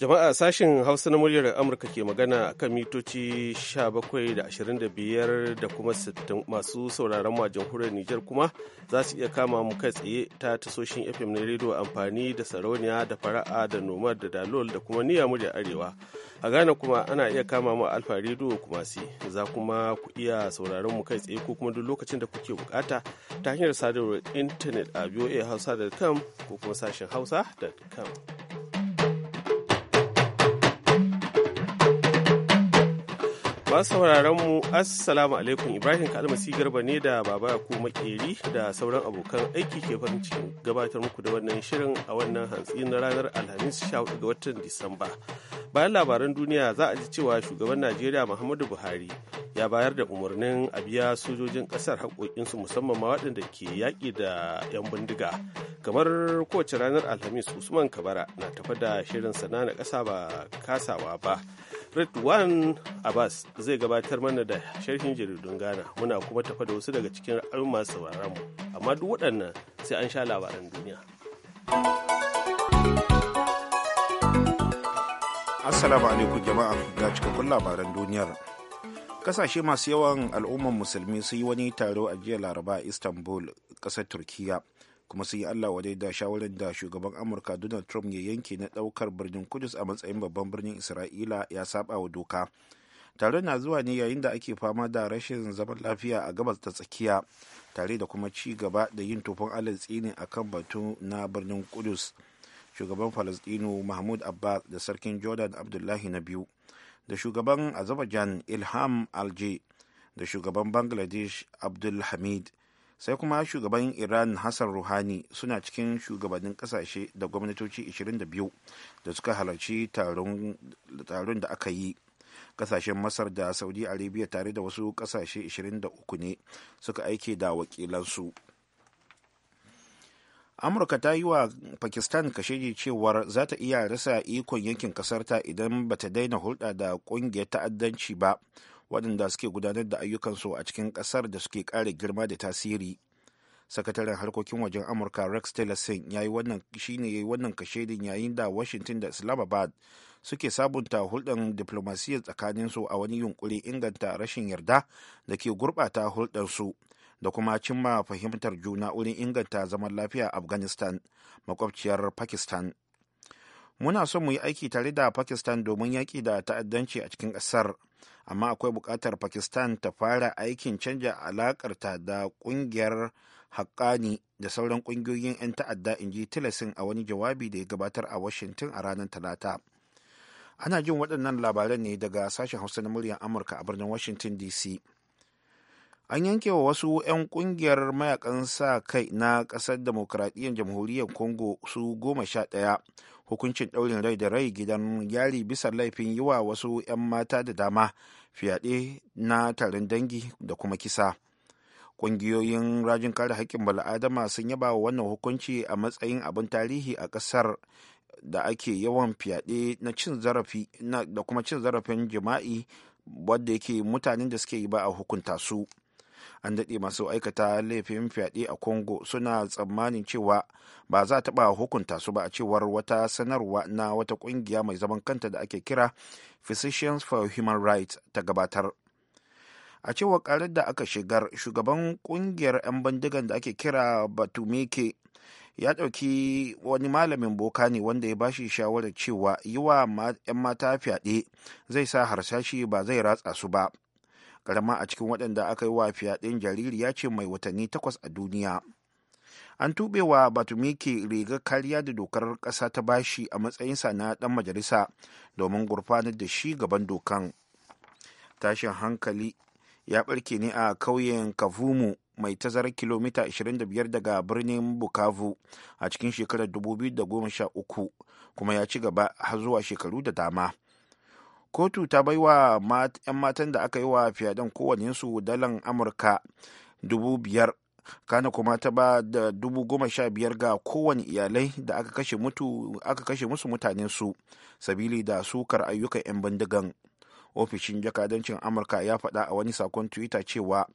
Jama'a sashen Hausa na muryar Amurka ke magana kan mitoci 17 da 25 da kuma 60 masu sauraron mu a Nijar kuma za su iya kama mu kai tsaye ta tasoshin FM na rediyo amfani da sarauniya da fara'a da nomad da dalol da kuma niyya muryar Arewa. A Ghana kuma ana iya kama mu Alfa rediyo kuma si za kuma ku iya sauraron mu kai tsaye ko kuma duk lokacin da kuke bukata ta hanyar sadarwar intanet a voahausa.com ko kuma sashen hausa.com. Masu sauraron mu Assalamu alaikum Ibrahim Kalmasi Garba ne da Baba ku Makeri da sauran abokan aiki ke farin cikin gabatar muku da wannan shirin a wannan hantsi na ranar Alhamis 14 ga watan Disamba. Bayan labaran duniya za a ji cewa shugaban Najeriya Muhammadu Buhari ya bayar da umarnin a biya sojojin kasar haƙoƙinsu musamman ma waɗanda ke yaƙi da 'yan bindiga. Kamar kowace ranar Alhamis Usman Kabara na tafa da shirin sana na ƙasa ba kasawa ba. Ridwan Abbas zai gabatar mana da sharhin jaridun Ghana muna kuma tafa da wasu daga cikin ra'ayoyin masu sauraron mu amma duk waɗannan sai an sha labaran duniya. Assalamu alaikum jama'a ga cikakkun labaran duniyar. Kasashe masu yawan al'ummar musulmi sun yi wani taro a jiya Laraba a Istanbul, ƙasar Turkiyya. kuma sun yi allah wadai da shawarar da shugaban amurka donald trump ya yanke na daukar birnin kudus a matsayin babban birnin isra'ila ya saba wa doka taron na zuwa ne yayin da ake fama da rashin zaman lafiya a gabas ta tsakiya tare da kuma ci gaba da yin tufan alal tsini a kan batu na birnin kudus shugaban falastinu mahmud abbas da sarkin jordan abdullahi na biyu da shugaban azerbaijan ilham Alji da shugaban bangladesh abdul hamid. sai kuma shugaban iran hassan ruhani suna cikin shugabannin kasashe da gwamnatoci 22 da suka halarci taron da aka yi kasashen masar da saudi arabia tare da wasu kasashe 23 ne suka aike da wakilansu amurka ta yi wa pakistan kashedi cewar za ta iya rasa ikon yankin kasarta idan ba ta daina hulɗa da ƙungiyar ta'addanci ba waɗanda suke gudanar da ayyukansu a cikin ƙasar da suke ƙara girma da tasiri sakataren harkokin wajen amurka rex tillerson ya yi wannan shine ya yi wannan kashedin yayin da washington da islamabad suke sabunta hulɗar diplomasiyyar tsakaninsu a wani yunkurin inganta rashin yarda da ke gurɓata hulɗarsu da kuma cimma fahimtar juna wurin inganta zaman lafiya afghanistan makwabciyar pakistan muna son mu yi aiki tare da pakistan domin yaƙi da ta'addanci a cikin ƙasar amma akwai bukatar pakistan ta fara aikin canja alakarta da ƙungiyar haƙƙani da sauran ƙungiyoyin 'yan ta'adda in ji tilasin a wani jawabi da ya gabatar a washington a ranar talata ana jin waɗannan labaran ne daga sashen hausa na muryar amurka a birnin washington dc an yanke wa wasu 'yan ƙungiyar mayakan sa kai na ƙasar demokuraɗiyyar jamhuriyar congo su goma sha ɗaya hukuncin ɗaurin rai da rai gidan yari bisa laifin yi wa wasu 'yan mata da dama fyaɗe na taron dangi da kuma kisa ƙungiyoyin rajin kare haƙƙin bala'adama sun yaba wa wannan hukunci a matsayin abin tarihi a ƙasar da ake yawan fyaɗe na cin zarafi da kuma cin zarafin jima'i wadda yake mutanen da suke yi ba a hukunta su. an daɗe masu aikata laifin fyaɗe a congo suna tsammanin cewa ba za ta taɓa hukunta su ba a cewar wata sanarwa na wata ƙungiya mai zaman kanta da ake kira physicians for human rights ta gabatar a cewa karar da aka shigar shugaban ƙungiyar 'yan bindigan da ake kira batumike ya ɗauki wani malamin boka ne wanda ya bashi shawarar cewa yi wa 'yan mata fyaɗe zai sa harsashi ba zai ratsa su ba karama a cikin waɗanda aka yi wa fyaɗen ya ce mai watanni takwas a duniya an tuɓe wa batumike rigar kariya da dokar ƙasa ta bashi a matsayinsa na ɗan majalisa domin gurfanar da shi gaban dokan tashin hankali ya ɓarke ne a kauyen kavumu mai tazarar kilomita 25 daga birnin bukavu a cikin shekarar 2013 kuma ya ci gaba har zuwa shekaru da dama kotu ta bai wa 'yan matan da aka yi wa fyaɗen su dalan amurka dubu biyar kana kuma ta ba da dubu goma sha biyar ga kowane iyalai da aka kashe musu mutanen su sabili da sukar ayyukan 'yan bindigan ofishin jakadancin amurka ya faɗa a wani sakon twitter cewa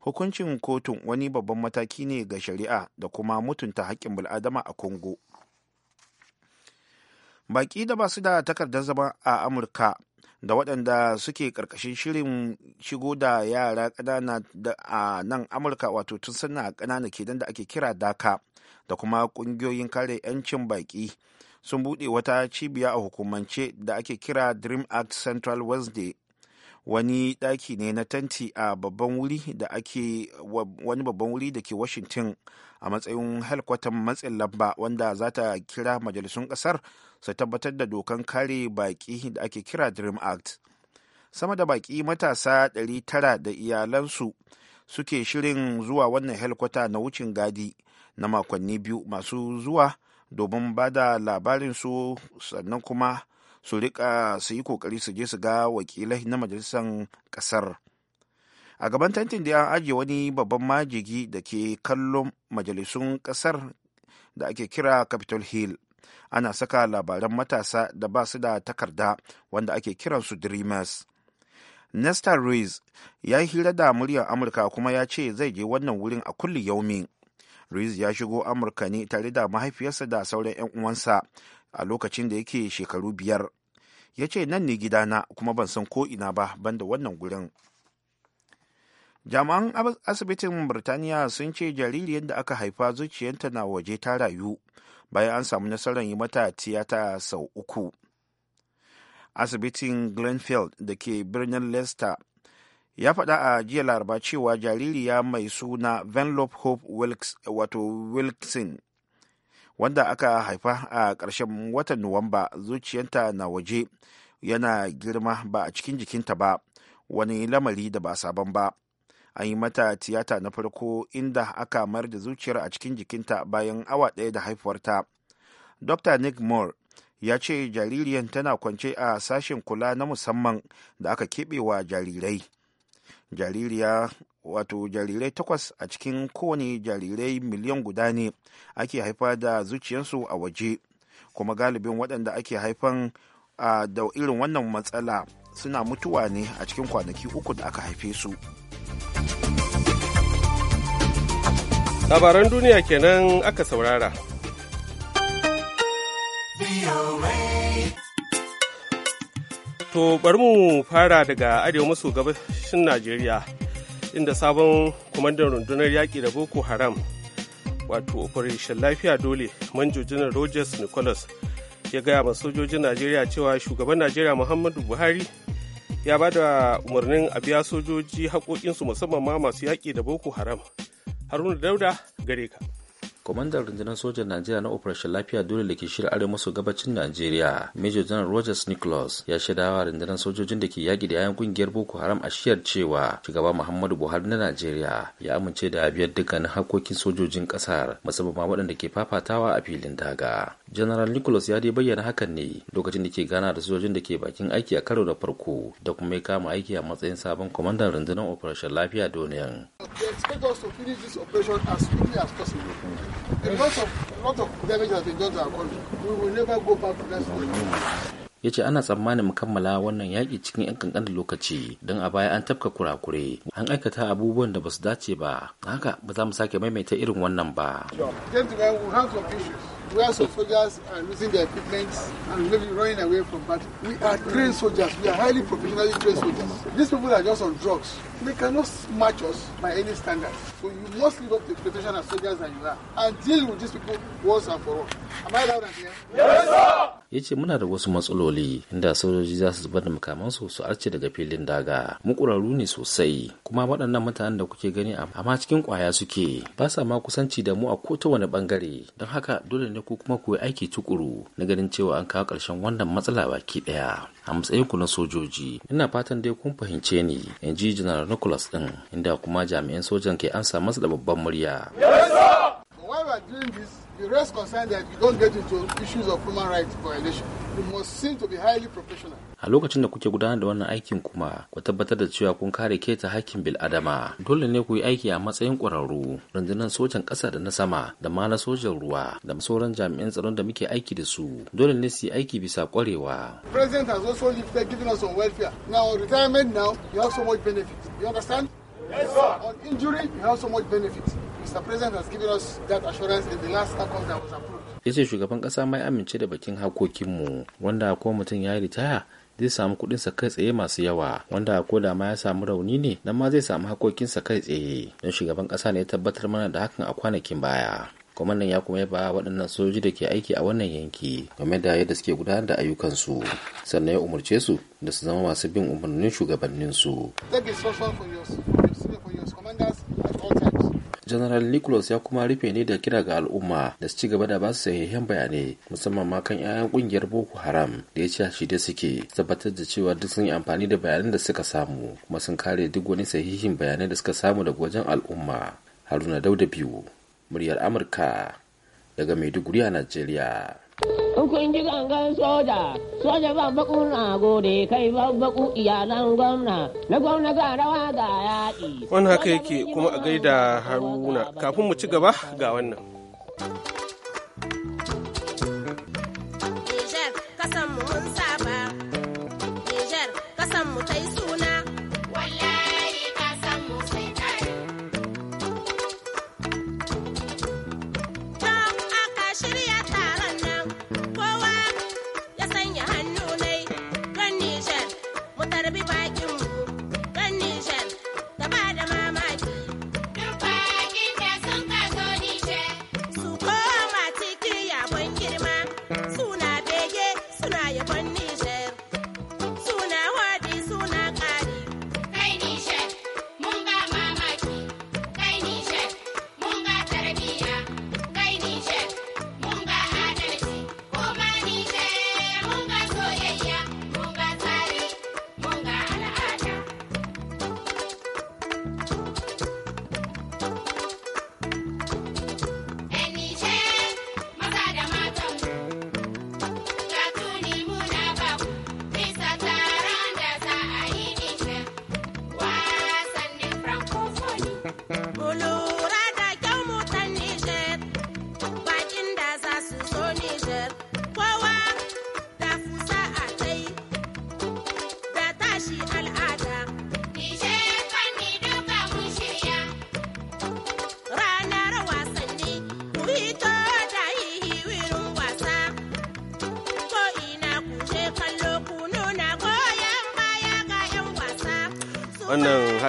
hukuncin kotun wani babban mataki ne ga shari'a da kuma mutunta haƙƙin bil'adama a congo baƙi da basu da takardar zama a amurka da waɗanda suke ƙarƙashin shirin shigo da yara ƙanana a nan amurka wato tun suna ƙanana kenan da ake kira daka da kuma ƙungiyoyin kare 'yancin baƙi sun buɗe wata cibiya a hukumance da ake kira dream act central wednesday wani ɗaki ne na tanti a babban wuri da ake wani babban wuri da ke washington a matsayin helkwatan matsin lamba wanda za ta kira majalisun ƙasar su tabbatar da dokan kare baƙi da ake kira dream act sama da baƙi matasa 900 da iyalansu suke shirin zuwa wannan helkwata na wucin gadi na makonni biyu masu zuwa domin ba da labarinsu sannan kuma su rika su yi kokari su je su ga wakilai na majalisar kasar a gaban tantin da an ajiye wani babban majigi da ke kallon majalisun kasar da ake kira capitol hill ana saka labaran matasa da ba su da takarda wanda ake kiransu dreamers Nesta Ruiz ya yi hira da muryar Amurka kuma ya ce zai je wannan wurin a kulli yaumi. Ruiz ya shigo Amurka ne tare da mahaifiyarsa da sauran 'yan uwansa a lokacin da yake shekaru biyar. Ya ce nan ne gidana kuma ban san ko ina ba banda wannan gurin. Jami'an asibitin Birtaniya sun ce jaririyar da aka haifa zuciyarta na waje ta rayu bayan an samu nasarar yi mata tiyata sau uku asibitin glenfield da ke birnin leicester ya faɗa a jiya laraba cewa jaririya mai suna venlop hope Wilks, wato wilson wanda aka haifa a ƙarshen watan nuwamba zuciyanta na waje yana girma ba a cikin jikinta ba wani lamari da ba sabon ba an yi mata tiyata na farko inda aka mayar da zuciyar a cikin jikinta bayan awa ɗaya da haifuwarta dr nick moore ya ce jaririyan tana kwance a sashen kula na musamman da aka keɓe wa jarirai jaririya wato jarirai takwas a cikin kowane jarirai miliyan guda ne ake haifa da zuciyarsu a waje kuma galibin waɗanda ake haifan da irin wannan matsala suna mutuwa ne a cikin kwanaki uku da aka haife su labaran duniya kenan aka saurara To bari mu fara daga arewa maso gabashin Najeriya inda sabon kwamandan rundunar yaƙi da Boko Haram wato operation lafiya dole manjojinan Rogers Nicholas Ya gaya ma sojojin najeriya cewa shugaban najeriya muhammadu buhari ya ba da umarnin a biya sojoji haƙoƙinsu musamman ma masu yaƙi da boko haram haruna dauda gare ka kwamandan rundunar sojan najeriya na operation lafiya dole da ke shirya arewa maso gabacin najeriya major general rogers nicholas ya shaidawa rundunar sojojin da ke yaƙi da yayan kungiyar boko haram a shiyar cewa shugaba muhammadu buhari na najeriya ya amince da abiyar dukkanin harkokin sojojin ƙasar musamman waɗanda ke fafatawa a filin daga general nicholas ya dai bayyana hakan ne lokacin da ke gana da sojojin da ke bakin aiki a karo na farko da kuma ya kama aiki a matsayin sabon kwamandan rundunar operation lafiya duniyan They expect us to finish this operation as quickly as possible. A lot of, lot of damage has been done to our country. We will never go back to that situation. ya ce ana tsammanin mukammala wannan yaƙi cikin 'yan kankanin lokaci don a baya an tafka kurakure an aikata abubuwan da ba su dace ba haka ba za mu sake maimaita irin wannan ba. where soldiers are uh, losing their equipment and maybe running away from battle. We are trained soldiers. We are highly professionally trained soldiers. These people are just on drugs. They cannot match us by any standard. So you must live up to the profession soldiers that you are and deal with these people once and for all. Am I loud and clear? Yes, sir! ya ce muna da wasu matsaloli inda sojoji za su zubar da makamansu su arce daga filin daga mu ƙurarru ne sosai kuma waɗannan mutanen da kuke gani amma cikin ƙwaya suke ba sa ma kusanci da mu a ko ta wani ɓangare don haka dole ne ku kuma ku yi aiki tukuru na ganin cewa an kawo ƙarshen wannan matsala baki ɗaya a matsayinku na sojoji ina fatan dai kun fahimce ni in ji general nicholas ɗin inda kuma jami'an sojan ke amsa masa da babban murya. Yes, are doing this, be rest concerned that you don't get into issues of human rights violation. You must seem to be highly professional. A lokacin da kuke gudanar da wannan aikin kuma, ku tabbatar da cewa kun kare keta hakkin bil'adama. Dole ne ku yi aiki a matsayin ƙwararru, rundunar sojan ƙasa da na sama, da ma na sojan ruwa, da sauran jami'an tsaron da muke aiki da su. Dole ne su yi aiki bisa ƙwarewa. President has also lifted giving us on welfare. Now, on retirement now, you have so much benefit. You understand? Yes, sir. On injury, you have so much benefit. Mr. President has given us that assurance in the last that was approved. Ya ce shugaban kasa mai amince da bakin hakokinmu wanda ko mutum ya yi ritaya zai samu sa kai tsaye masu yawa wanda ko da ma ya samu rauni ne nan ma zai samu hakokinsa kai tsaye don shugaban ƙasa ne ya tabbatar mana da hakan a kwanakin baya. kwamandan ya kuma yaba waɗannan sojoji da ke aiki a wannan yanki game da yadda suke gudanar da ayyukansu sannan ya umarce su da su zama masu bin umarnin shugabanninsu. Take general nicholas ya kuma rufe ne da kira ga al'umma da su ci gaba da ba su sahihan bayanai musamman ma kan 'ya'yan kungiyar boko haram da ya ce a shida suke tabbatar da cewa duk sun yi amfani da bayanan da suka samu kuma sun kare duk wani sahihin bayanai da suka samu daga wajen al'umma haruna dauda biyu muryar amurka daga maiduguri a najeriya kun ji gangan soja, soja ban baku na gode kai ban baku iyalan gwamna, na gwamna ga rawa ga yaƙi. Wani haka yake kuma a gaida haruna kafin mu ci gaba ga wannan.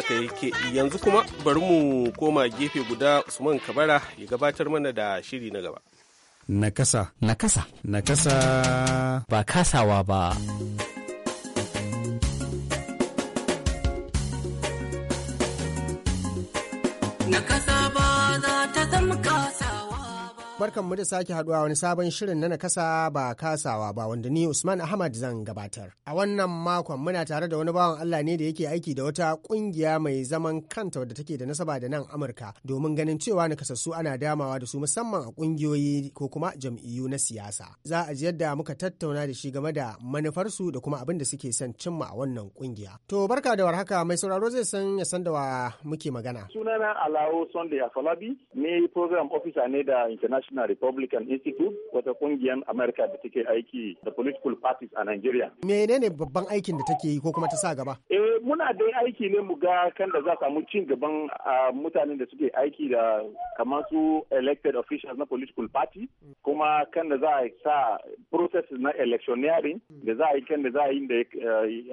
haka yake yanzu kuma bari mu koma gefe guda usman kabara ya gabatar mana da shiri na gaba nakasa nakasa nakasa ba kasawa ba nakasa barkan mu da sake haduwa wani sabon shirin na nakasa ba kasawa ba wanda ni Usman Ahmad zan gabatar. A wannan makon muna tare da wani bawan Allah ne da yake aiki da wata kungiya mai zaman kanta wadda take da nasaba da nan Amurka domin ganin cewa nakasassu ana damawa da su musamman a kungiyoyi ko kuma jam'iyyu na siyasa. Za a ji yadda muka tattauna da shi game da manufarsu da kuma abin da suke son cimma a wannan kungiya. To barka da warhaka mai sauraro zai san ya san da wa muke magana. Sunana Alawo Sunday ne program officer ne da International National Republican Institute wata kungiyar Amerika da take aiki da political parties a Nigeria. Menene babban aikin da take yi ko kuma ta sa gaba? Eh muna dai aiki ne mu ga kan da za samu cin gaban mutanen da suke aiki da kamar su elected officials na political party kuma kan da za a sa process na electioneering da za a yi kan da za yi da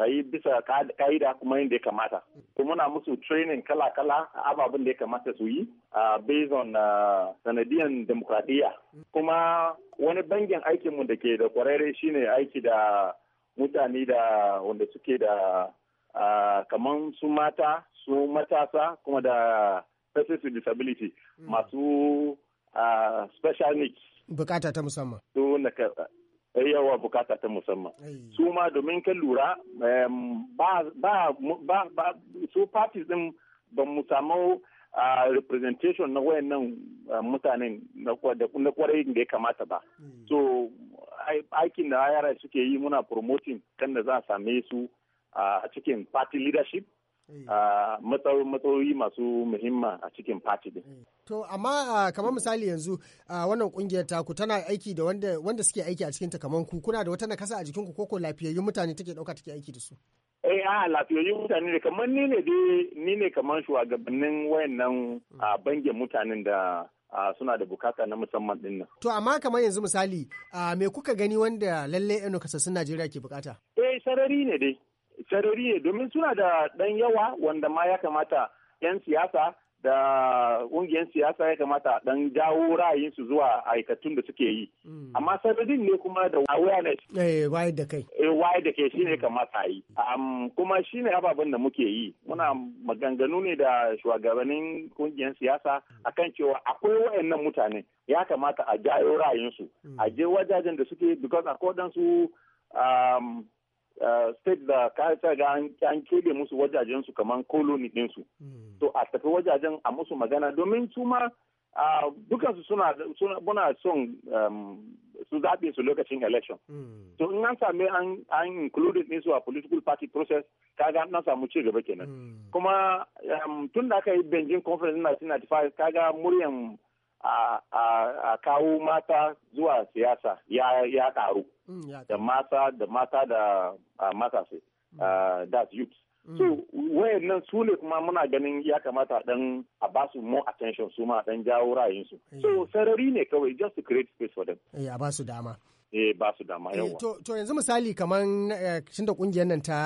eh, bisa ka'ida kuma yadda ya kamata. Kuma muna musu training kala-kala a ababen da ya kamata su yi ah, based on ah, sanadiyan demokradiyya demokradiyya kuma wani bangin aikinmu da ke da kwararre shine aiki da mutane da wanda suke da kaman su mata su matasa kuma da persons with disability hmm. masu special needs bukata ta musamman su eh, yawa bukata ta musamman su ma domin ka lura ba su parties din ba mu samu a representation na wayannan uh, mutanen na kwarai da ya kamata ba hmm. so aikin da yara suke yi muna promoting kan da za a same su uh, a cikin party leadership Eh. Ah, matsayoyi masu muhimma a cikin fati din. Eh. To amma ah, kamar misali yanzu ah, wannan kungiyar taku tana aiki da wanda suke aiki a cikin ku kuna da wata nakasa a jikinku koko lafiyayyun mutane take dauka take aiki da su. Eh a lafiyayyun mutane ne kamar ni ne dai ni ne kamar shugabannin wayannan hmm. bangin mutanen da suna da bukata na musamman din nan. To amma kamar yanzu misali uh, me kuka gani wanda lallai 'yan kasassun Najeriya ke bukata? Eh sarari ne dai. sarari ne domin suna da ɗan yawa wanda ma ya kamata 'yan siyasa da ƙungiyar siyasa ya kamata dan jawo ra'ayinsu zuwa aikatun da suke yi. Hmm. Amma sarari ne kuma da awareness. Eh, waye da kai. Eh, waye da kai shine kamata yi. kuma shine ababen da muke yi. Muna maganganu ne da shugabannin ƙungiyar siyasa hmm. akan cewa akwai wayannan mutane ya kamata a jawo ra'ayinsu. Hmm. A je wajajen da suke because a su Uh, state da ka ga an kebe musu wajajen su kamar koloni ɗinsu. Hmm. To a tafi wajajen a musu magana domin su ma uh, su suna muna son um, su zaɓe su lokacin election. Hmm. To in an same an included su a political party process kaga an samu ci gaba kenan. Hmm. Kuma um, tun da aka yi Beijing conference na 1995 kaga muryan a kawo mata zuwa siyasa mm, ya karu da mata da mata da matasa mm. that youth mm. so wayannan su ne kuma muna ganin ya kamata dan a ba su more attention su ma dan jawo ra'ayinsu eh. so sarari ne kawai just to create space for them ya eh, ba su dama eh ba su dama eh, yawa. To yanzu misali kamar eh, tun da kungiyar nan ta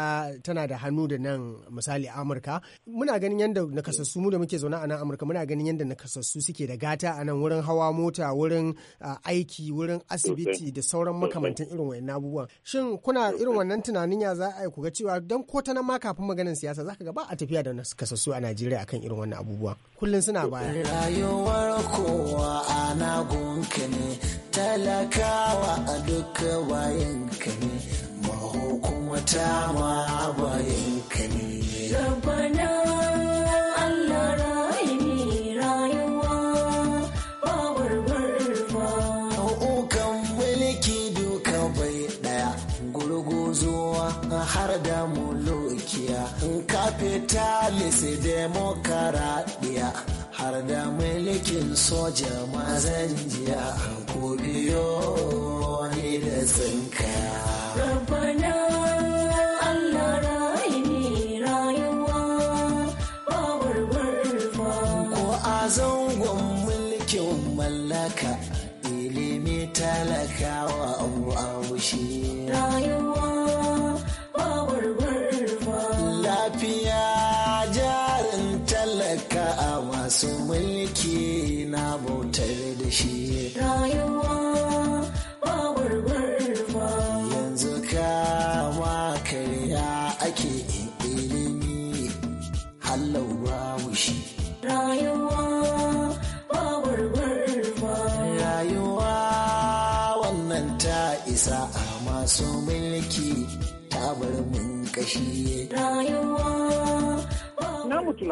tana da hannu da nan misali Amurka muna ganin yadda nakasassu mu da muke zaune a nan Amurka muna ganin yadda nakasassu suke da gata a nan wurin hawa mota wurin ah, aiki wurin asibiti da sauran makamantan irin wayannan abubuwan. Shin kuna irin wannan tunanin ya za a yi ga cewa don ko ta ma kafin maganar siyasa zaka ga ba a tafiya da nakasassu a Najeriya akan irin wannan abubuwa. Kullum suna baya. Rayuwar talakawa a duka bayan ka ne mahukumata ma bayan ka ne rabbana allah ra'ini rayuwa ba barbar hukukan mulki duka bai ɗaya, gurguzuwa har da mulukiya in ka fita lisi demokarat har da mulkin soja mazan jiya a ko biyo da tsinka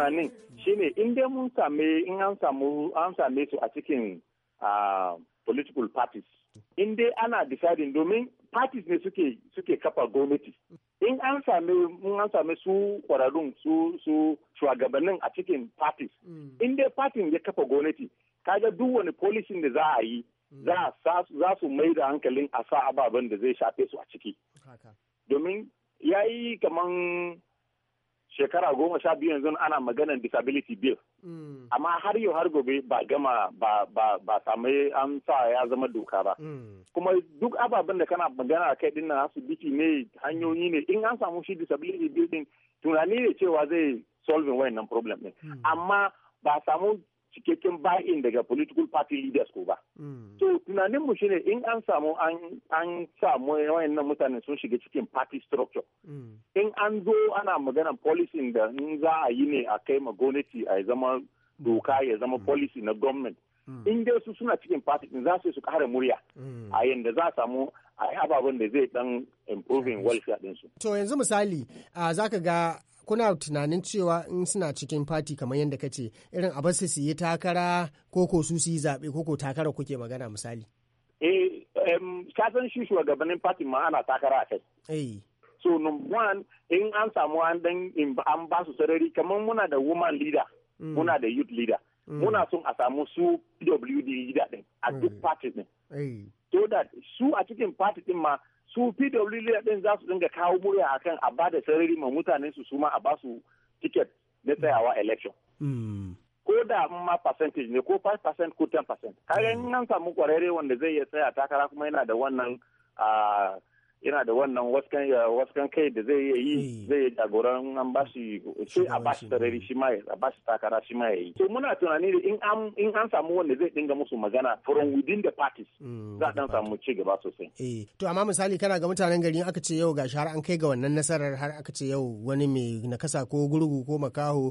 tunanin shine in dai mun same in an samu an same su a cikin political parties in dai ana deciding domin parties ne suke suke kafa gwamnati in an same mun an same su kwararrun su su shugabannin a cikin parties hmm. in dai party ya kafa gwamnati kaga duk wani policy da za a yi hmm. za su mai da hankalin a sa ababen da zai shafe su a ciki domin ya kaman shekara goma sha biyu yanzu ana maganar disability bill mm. amma har yau har gobe ba gama ba ba ba samu an sa ya zama doka ba mm. kuma duk ababen da kana magana kai din nan asibiti ne hanyoyi ne in an samu shi disability bill din tunani ne cewa zai solving wayannan problem ne mm. amma ba samu cikakken bain daga political party leaders ko ba. Mm. So tunanin mu shine in an samu an samu wayannan mutane sun shiga cikin party structure. Mm. In an zo ana magana policy da in za a yi ne a kai ma gwamnati a zama doka ya zama mm. policy na government. In dai su suna cikin party din za su su kara murya. A yanda za a samu a yi ababen da zai dan improving welfare ɗinsu. To yanzu misali za ka ga kuna tunanin cewa in suna cikin fati kamar yadda kace irin a basu su yi takara ko ko su su yi zaɓe ko ko takara kuke magana misali. Eh, ka kasan shi shugabannin fati ma ana takara a kai. Eh. So number one in an samu an dan an ba su sarari kamar muna da woman leader, mm. muna da youth leader. Mm. muna son a samu su PWD leader din a mm. duk party din. Eh. So that su a cikin party din ma su pwd ɗin za su dinga kawo murya akan a ba da sarari ma mutanen su suma a ba su ticket na tsayawa election hmm. ko da ma percentage ne ko 5% ko 10% kaga nan samu kwararre wanda zai iya tsaya takara kuma yana da wannan ah, yana da wannan waskan kai da zai yi zai yi jagoran an ba shi sai a ba shi sarari shi ma a ba shi takara shi ma yayi to muna tunani da in an samu wanda zai dinga musu magana from within the parties mm, za a dan samu ci gaba sosai eh to amma misali kana ga mutanen gari aka ce yau gashi har an kai ga wannan nasarar har aka ce yau wani mai nakasa ko gurgu ko makaho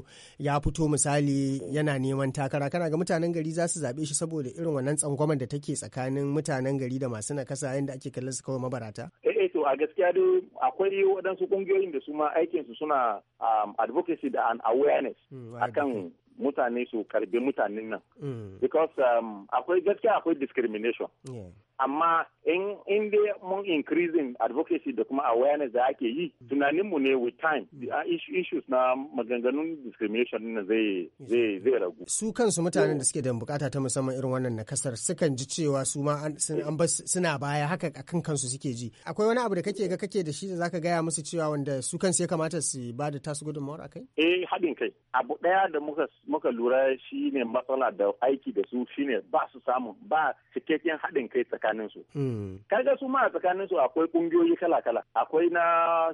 ya fito misali yana neman takara kana ga mutanen gari za su zabe shi saboda irin wannan tsangwamar da take tsakanin mutanen gari da masu nakasa yadda ake kallon su kawai mabarata eh, eh eh to a gaskiya dai akwai waɗansu ƙungiyoyin da su ma su suna um, advocacy da an awareness hmm, akan mutane su karbi mutanen nan hmm. because um, akwai gaskiya akwai discrimination amma in in dai mun increasing advocacy da kuma awareness da ake yi tunanin mu ne with time the mm. uh, issues na maganganun discrimination na zai zai zai ragu su kansu mutanen da suke da bukata ta musamman irin wannan na nakasar sukan ji cewa su ma an suna baya haka akan kansu suke ji akwai wani abu da kake ga kake da shi da zaka gaya musu cewa wanda su kansu ya kamata su ba da tasu gudunmawar akai eh haɗin kai abu ɗaya da muka muka lura shine matsala da aiki da su shine ba su samu ba cikakken haɗin kai tsakanin tsakanin su mm. kaga su ma a tsakanin su akwai kungiyoyi kala kala akwai na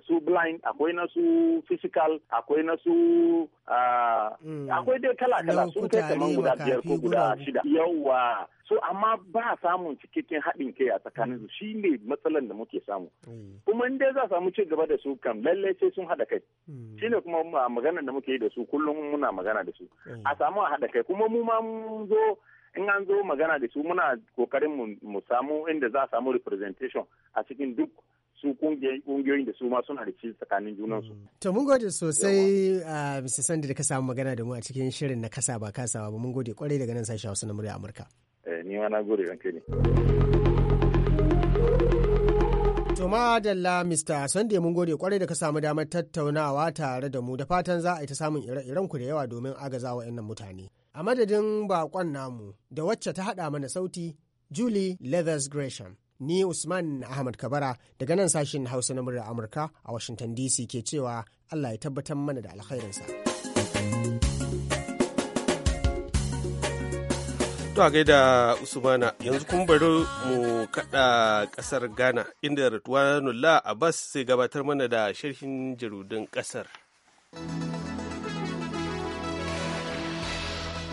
su blind akwai na su physical akwai na su ah, mm. akwai dai kala kala sun kai kamar guda biyar ko guda shida Yawwa. so amma ba samun cikakken haɗin kai a tsakanin su mm. shi ne matsalan da muke samu kuma inda za samu ci gaba da su kan lallai sai sun haɗa kai shi ne kuma magana da muke yi da su kullum muna magana da su a samu a haɗa kai kuma mu ma mun zo in an zo magana da su muna kokarin mu samu inda za a samu representation a cikin duk su kungiyoyin da su ma suna da cikin tsakanin junansu. Mm. To mun gode sosai a uh, Mr. Sandy da ka samu magana da mu a cikin shirin na kasa ba kasawa ba mun gode kwarai daga nan sashi Hausa na murya Amurka. Eh ni ma na gode ranke ne. To madalla Mr. Sunday mun gode kwarai da ka samu damar tattaunawa tare da mu da fatan za a yi ta samun ire-iren ku da yawa domin agaza wa mutane. a madadin bakon namu da wacce ta haɗa mana sauti Julie Leathers Gresham. Ni Usman Ahmad Kabara daga nan sashin Hausa na murar Amurka a Washington DC ke cewa Allah ya tabbatar mana da alkhairinsa. To a gaida usman yanzu kuma bari mu kada kasar Ghana inda Nulla Abbas sai gabatar mana da sharhin jarudin kasar.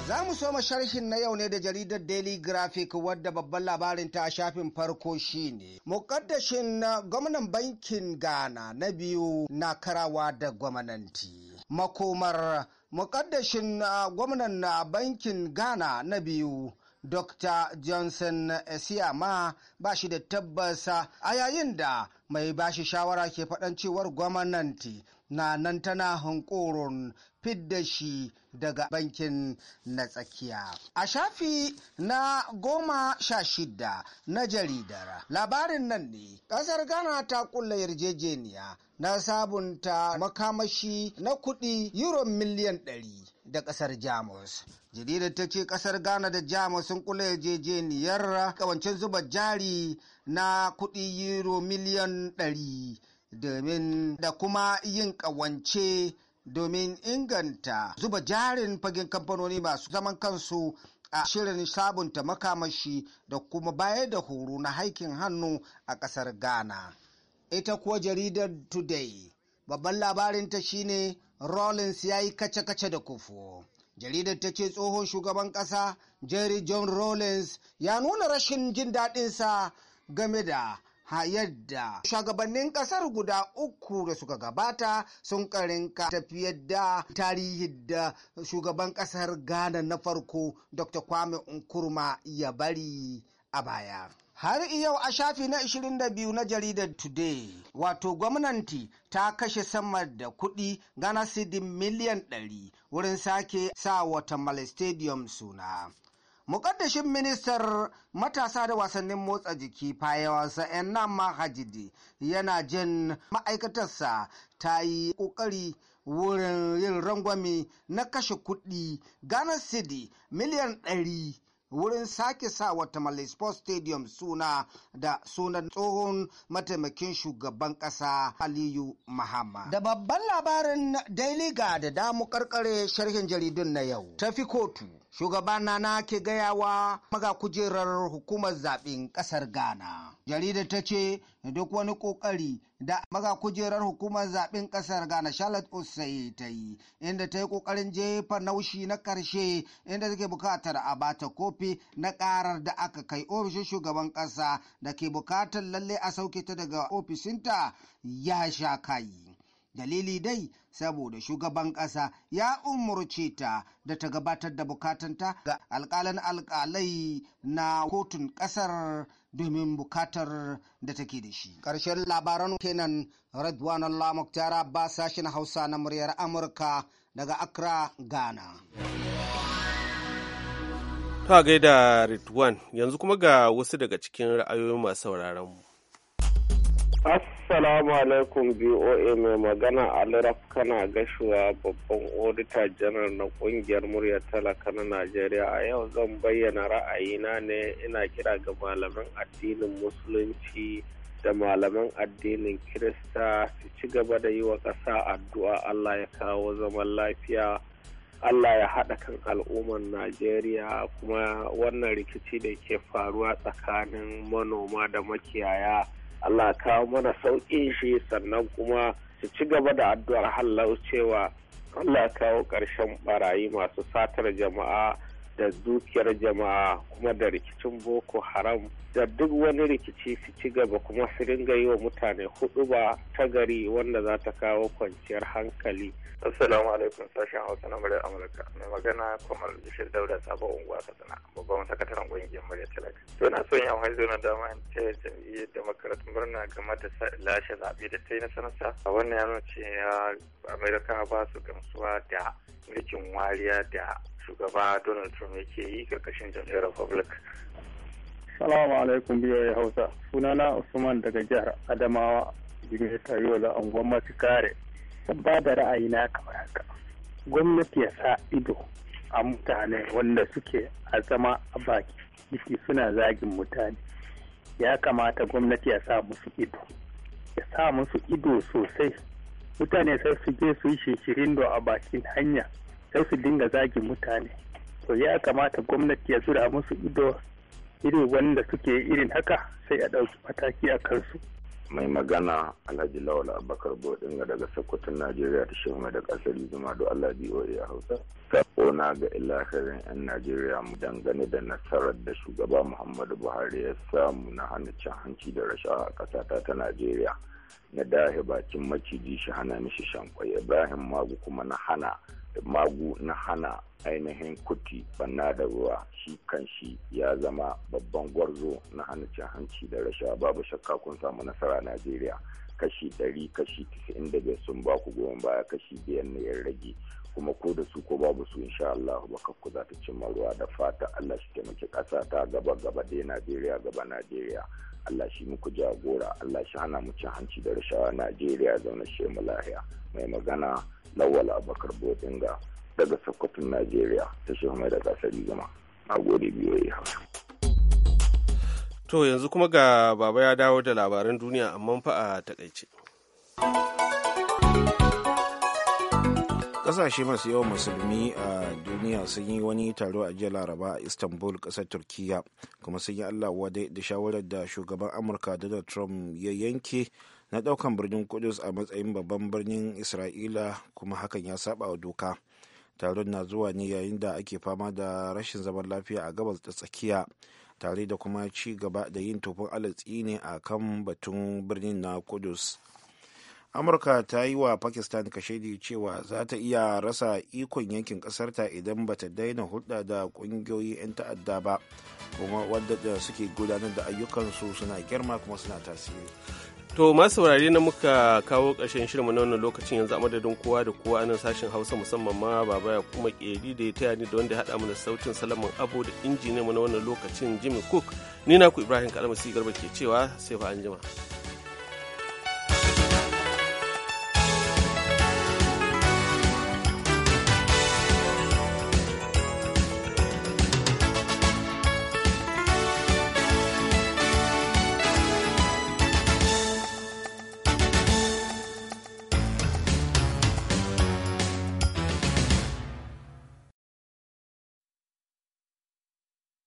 Za mu so sharhin na yau ne da jaridar Daily Graphic wadda babban labarin ta a shafin farko shine mukaddashin na gwamnan bankin Ghana na biyu na karawa da gwamnanti. Makomar mukaddashin gwamnan na bankin Ghana na biyu Dr. Johnson Siyama ba shi da tabbasa a yayin da mai bashi shawara ke faɗan cewar gwamananti na nan tana hankoron fidda shi daga bankin na tsakiya. A shafi na goma sha shida na jaridar labarin nan ne, ƙasar Ghana ta ƙulla yarjejeniya na sabunta makamashi na kuɗi euro miliyan ɗari da ƙasar Jamus. Jaridar ta ce ƙasar Ghana da Jamus sun kula yarjejeniyar ƙawancin zuba jari na kuɗi euro miliyan ɗari domin da kuma yin ƙawance domin inganta zuba jarin fagen kamfanoni masu zaman kansu a shirin sabunta makamashi da kuma bayar da horo na haikin hannu a ƙasar ghana ita kuwa jaridar today babban labarinta shine rollins ya yi kace-kace da kufu jaridar ta ce tsohon shugaban ƙasa jerry john rollins ya nuna rashin jin daɗinsa game da yadda shugabannin kasar guda uku da suka gabata sun karinka tafiyar da tarihi da shugaban kasar ghana na farko dr kwame nkurma ya bari a baya har yau a shafi na 22 na jaridar today wato gwamnati ta kashe sama da kuɗi gana sidin miliyan 100 wurin sake sa wata stadium suna mukaddashin ministar matasa da wasannin motsa jiki fayawansa yan nama yana jin ma'aikatarsa ta yi ƙoƙari wurin yin rangwami na kashe kuɗi ghana city miliyan ɗari wurin sake sa wata Malay sports stadium suna da sunan tsohon mataimakin shugaban ƙasa aliyu mahama da babban labarin daily da damu karkare sharhin jaridun na yau tafi kotu Shugaba Nana ke gayawa maga kujerar hukumar zaɓen ƙasar Ghana. Jaridar ta ce duk wani ƙoƙari da maga kujerar hukumar zaɓen ƙasar Ghana Charlotte Osei ta yi inda ta yi ƙoƙarin jefa naushi na ƙarshe inda take buƙatar a bata kofi na ƙarar da aka kai ofishin shugaban ƙasa da ke buƙatar lalle a sauke ta daga ofishinta ya sha kayi. dalili dai saboda shugaban ƙasa ya umurce ta da ta gabatar da bukatanta ga alƙalan alƙalai na kotun ƙasar domin bukatar da take da shi ƙarshen labaran kenan redwan allah muktar abbas sashen hausa na muryar amurka daga accra ghana ta gaida ritwan yanzu kuma ga wasu daga cikin ra'ayoyin masu sauraron mu Assalamu alaikum BOA mai magana Aliraf kana gashuwa babban odita janar na kungiyar murya talaka na Najeriya a yau zan bayyana ra'ayina ne ina kira ga malaman addinin musulunci da malaman addinin Kirista su ci gaba da yi wa ƙasa addu'a Allah ya kawo zaman lafiya Allah ya haɗa kan al'ummar Najeriya kuma wannan rikici da ke faruwa tsakanin manoma da makiyaya. Allah kawo mana sauƙin shi sannan kuma su ci gaba da addu'ar hallau cewa Allah kawo ƙarshen barayi masu satar jama'a da dukiyar jama'a kuma da rikicin boko haram da duk wani rikici su ci gaba kuma su ringa yi wa mutane hudu ba ta gari wanda za ta kawo kwanciyar hankali. Assalamu alaikum sashen Hausa na muryar Amurka mai magana Kamal Bishir daura Sabo Unguwa Katsina babban sakataren kungiyar murya Talaka. To na son yawon amfani na dama in taya jam'iyyar demokrat murna game da lashe zaɓe da ta yi na sanarsa. A wannan ya cewa Amerika ba su gamsuwa da mulkin wariya da shugaba donald trump yake yi ƙarƙashin jam'iyyar republic salamu alaikum biyoyi hausa sunana usman daga jihar adamawa jimai tayola anguwan masu kare ba da ra'ayi na kamar haka gwamnati ya sa ido a mutane wanda suke a zama a baki biki suna zagin mutane ya kamata gwamnati ya sa musu ido ya sa musu ido sosai mutane sai su je su yi shirin a bakin hanya sai su dinga zagin mutane to ya kamata gwamnati ya zura musu ido irin wanda suke irin haka sai a ɗauki mataki a kansu mai magana alhaji lawal abakar bodinga daga sokoton najeriya ta mai da kasar zuma do allah boa a hausa sako na ga ilahirin yan najeriya mu dangane da nasarar da shugaba muhammadu buhari ya samu na hana cin hanci da rashawa a ƙasata ta najeriya na dahe bakin maciji shi hana mishi shankwai ibrahim magu kuma na hana magu na hana ainihin kuti banna da ruwa shi kan shi ya zama babban gwarzo na hana cin hanci da rashawa babu shakka kun samu nasara a najeriya kashi 100 kashi 95 sun ba ku goma baya kashi biyan na yan rage kuma ko da su ko babu su insha Allah baka ku za ta cimma ruwa da fata Allah shi taimaki kasa ta gaba gaba dai Najeriya gaba Najeriya Allah shi muku jagora Allah shi hana mu cin hanci da rashawa Najeriya zaune shemu lahiya mai magana lawal abakar bodinga daga sokoto nigeria ta shi mai da gasari gama a gode biyo ya hausa to yanzu kuma ga baba ya dawo da labaran duniya amma fa a takaice kasashe masu yawan musulmi a duniya sun yi wani taro a jiya laraba a istanbul kasar turkiya kuma sun yi allah wadai da shawarar da shugaban amurka donald trump ya yanke na daukan birnin kudus a matsayin babban birnin isra'ila kuma hakan ya saba wa doka taron na zuwa ne yayin da ake fama da rashin zaman lafiya a gabas da tsakiya tare da kuma ci gaba da yin tofin alatsi ne a kan batun birnin na kudus amurka ta yi wa pakistan kashedi cewa za ta iya rasa ikon yankin kasarta idan ba ta daina hulɗa da ƙungiyoyi 'yan ta'adda ba kuma wadda suke gudanar da ayyukansu suna girma kuma suna tasiri To masu saurare na muka kawo ƙarshen shirin na wannan lokacin yanzu a madadin kowa da kowa nan sashen Hausa musamman ma baba ya kuma keri da ya taya ni da wanda ya haɗa mana sautin salaman abu da mu na wannan lokacin Jimmy Cook ni na ku Ibrahim Kalamu Garba ke cewa sai fa anjima.